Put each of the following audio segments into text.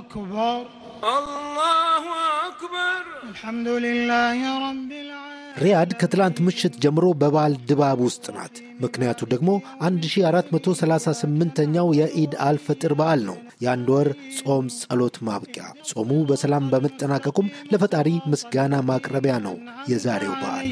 أكبر الله أكبر الحمد لله رب العالمين ሪያድ ከትላንት ምሽት ጀምሮ በበዓል ድባብ ውስጥ ናት። ምክንያቱ ደግሞ 1438ኛው የኢድ አልፈጥር በዓል ነው። የአንድ ወር ጾም ጸሎት ማብቂያ፣ ጾሙ በሰላም በመጠናቀቁም ለፈጣሪ ምስጋና ማቅረቢያ ነው የዛሬው በዓል።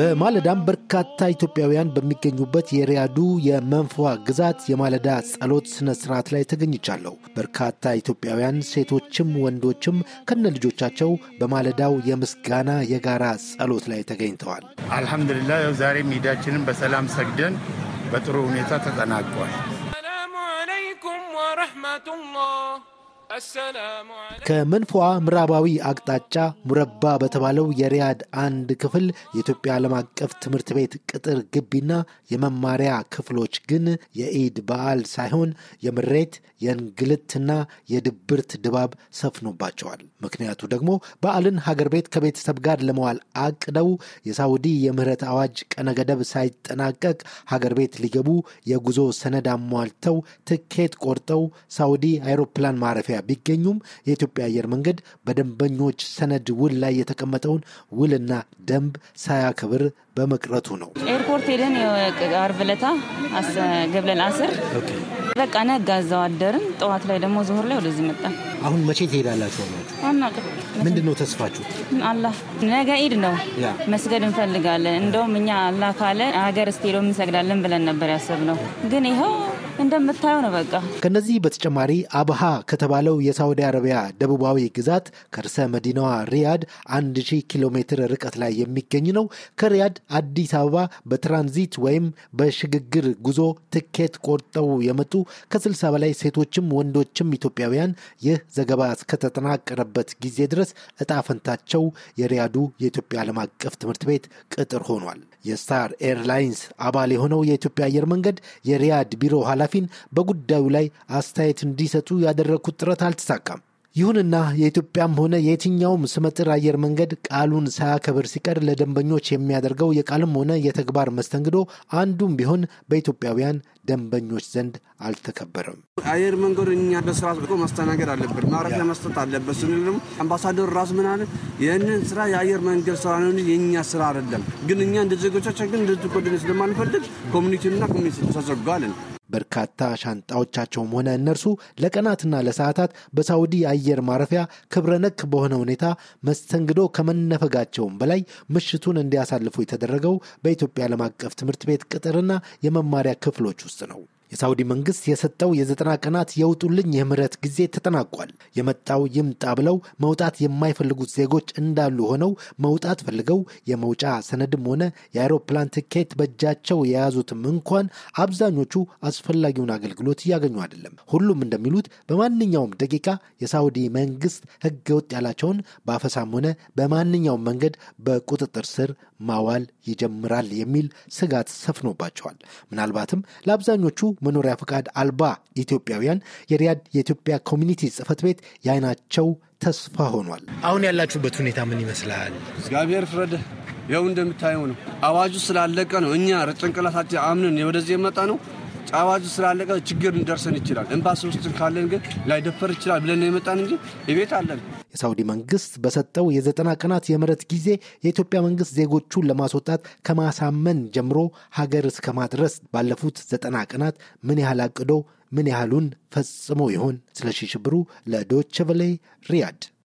በማለዳም በርካታ ኢትዮጵያውያን በሚገኙበት የሪያዱ የመንፏ ግዛት የማለዳ ጸሎት ስነ ስርዓት ላይ ተገኝቻለሁ። በርካታ ኢትዮጵያውያን ሴቶችም ወንዶችም ከነ ልጆቻቸው በማለዳው የምስጋና የጋራ ጸሎት ላይ ተገኝተዋል። አልሐምዱሊላ ያው ዛሬም ዒዳችንን በሰላም ሰግደን በጥሩ ሁኔታ ተጠናቋል። ሰላሙ አለይኩም ወረሕመቱላህ ከመንፎዋ ምዕራባዊ አቅጣጫ ሙረባ በተባለው የሪያድ አንድ ክፍል የኢትዮጵያ ዓለም አቀፍ ትምህርት ቤት ቅጥር ግቢና የመማሪያ ክፍሎች ግን የኢድ በዓል ሳይሆን የምሬት የእንግልትና የድብርት ድባብ ሰፍኖባቸዋል። ምክንያቱ ደግሞ በዓልን ሀገር ቤት ከቤተሰብ ጋር ለመዋል አቅደው የሳውዲ የምህረት አዋጅ ቀነገደብ ሳይጠናቀቅ ሀገር ቤት ሊገቡ የጉዞ ሰነድ አሟልተው ትኬት ቆርጠው ሳውዲ አይሮፕላን ማረፊያ ቢገኙም የኢትዮጵያ አየር መንገድ በደንበኞች ሰነድ ውል ላይ የተቀመጠውን ውልና ደንብ ሳያከብር በመቅረቱ ነው። ኤርፖርት ሄደን አርብ ገብለን አስር በቃ ነጋ እዛው አደርን። ጠዋት ላይ ደግሞ ዞሆር ላይ ወደዚህ መጣን። አሁን መቼ ትሄዳላችሁ አላችሁ? ምንድን ነው ተስፋችሁ? አላህ ነገ ኢድ ነው መስገድ እንፈልጋለን። እንደውም እኛ አላህ ካለ ሀገር እስቴሎ እንሰግዳለን ብለን ነበር ያሰብነው፣ ግን ይኸው እንደምታየው ነው። በቃ ከነዚህ በተጨማሪ አብሃ ከተባለው የሳውዲ አረቢያ ደቡባዊ ግዛት ከርዕሰ መዲናዋ ሪያድ 1000 ኪሎ ሜትር ርቀት ላይ የሚገኝ ነው። ከሪያድ አዲስ አበባ በትራንዚት ወይም በሽግግር ጉዞ ትኬት ቆርጠው የመጡ ከ60 በላይ ሴቶችም ወንዶችም ኢትዮጵያውያን ይህ ዘገባ እስከተጠናቀረበት ጊዜ ድረስ እጣ ፈንታቸው የሪያዱ የኢትዮጵያ ዓለም አቀፍ ትምህርት ቤት ቅጥር ሆኗል። የስታር ኤርላይንስ አባል የሆነው የኢትዮጵያ አየር መንገድ የሪያድ ቢሮ ኋላ ኃላፊን በጉዳዩ ላይ አስተያየት እንዲሰጡ ያደረግኩት ጥረት አልተሳካም። ይሁንና የኢትዮጵያም ሆነ የየትኛውም ስመጥር አየር መንገድ ቃሉን ሳያከብር ሲቀር ለደንበኞች የሚያደርገው የቃልም ሆነ የተግባር መስተንግዶ አንዱም ቢሆን በኢትዮጵያውያን ደንበኞች ዘንድ አልተከበረም። አየር መንገዱ እኛ በስራ ቆ መስተናገድ አለበት፣ ማረፊያ መስጠት አለበት ደግሞ አምባሳደሩ ራሱ ምን አለ? ይህንን ስራ የአየር መንገድ ስራ ነው እንጂ የእኛ ስራ አይደለም። ግን እኛ እንደ ዜጎቻችን ግን እንድትቆድን ስለማንፈልግ ኮሚኒቲና ኮሚኒቲ ተዘጓልን በርካታ ሻንጣዎቻቸውም ሆነ እነርሱ ለቀናትና ለሰዓታት በሳውዲ አየር ማረፊያ ክብረ ነክ በሆነ ሁኔታ መስተንግዶ ከመነፈጋቸውም በላይ ምሽቱን እንዲያሳልፉ የተደረገው በኢትዮጵያ ዓለም አቀፍ ትምህርት ቤት ቅጥርና የመማሪያ ክፍሎች ውስጥ ነው። የሳውዲ መንግስት የሰጠው የዘጠና ቀናት የውጡልኝ የምህረት ጊዜ ተጠናቋል። የመጣው ይምጣ ብለው መውጣት የማይፈልጉት ዜጎች እንዳሉ ሆነው መውጣት ፈልገው የመውጫ ሰነድም ሆነ የአይሮፕላን ትኬት በእጃቸው የያዙትም እንኳን አብዛኞቹ አስፈላጊውን አገልግሎት እያገኙ አይደለም። ሁሉም እንደሚሉት በማንኛውም ደቂቃ የሳውዲ መንግስት ህገ ወጥ ያላቸውን በአፈሳም ሆነ በማንኛውም መንገድ በቁጥጥር ስር ማዋል ይጀምራል የሚል ስጋት ሰፍኖባቸዋል። ምናልባትም ለአብዛኞቹ መኖሪያ ፈቃድ አልባ ኢትዮጵያውያን የሪያድ የኢትዮጵያ ኮሚኒቲ ጽህፈት ቤት የአይናቸው ተስፋ ሆኗል። አሁን ያላችሁበት ሁኔታ ምን ይመስላል? እግዚአብሔር ፍረደ። ይኸው እንደምታየው ነው። አዋጁ ስላለቀ ነው እኛ ጭንቅላታችን አምነን ወደዚህ የመጣ ነው። አዋጁ ስላለቀ ችግር እንደርሰን ይችላል። ኤምባሲ ውስጥ ካለን ግን ላይደፈር ይችላል ብለን ነው የመጣን እንጂ የቤት አለን። የሳውዲ መንግስት በሰጠው የዘጠና ቀናት የምህረት ጊዜ የኢትዮጵያ መንግስት ዜጎቹን ለማስወጣት ከማሳመን ጀምሮ ሀገር እስከ ማድረስ ባለፉት ዘጠና ቀናት ምን ያህል አቅዶ ምን ያህሉን ፈጽሞ ይሆን? ስለሺ ሽብሩ ቬለ ሪያድ